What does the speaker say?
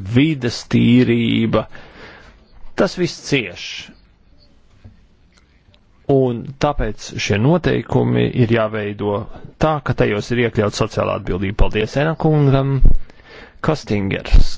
vides tīrība. Tas viss cieš. Un tāpēc šie noteikumi ir jāveido tā, ka tajos ir iekļauts sociālā atbildība. Paldies Enakungam, Kostingers.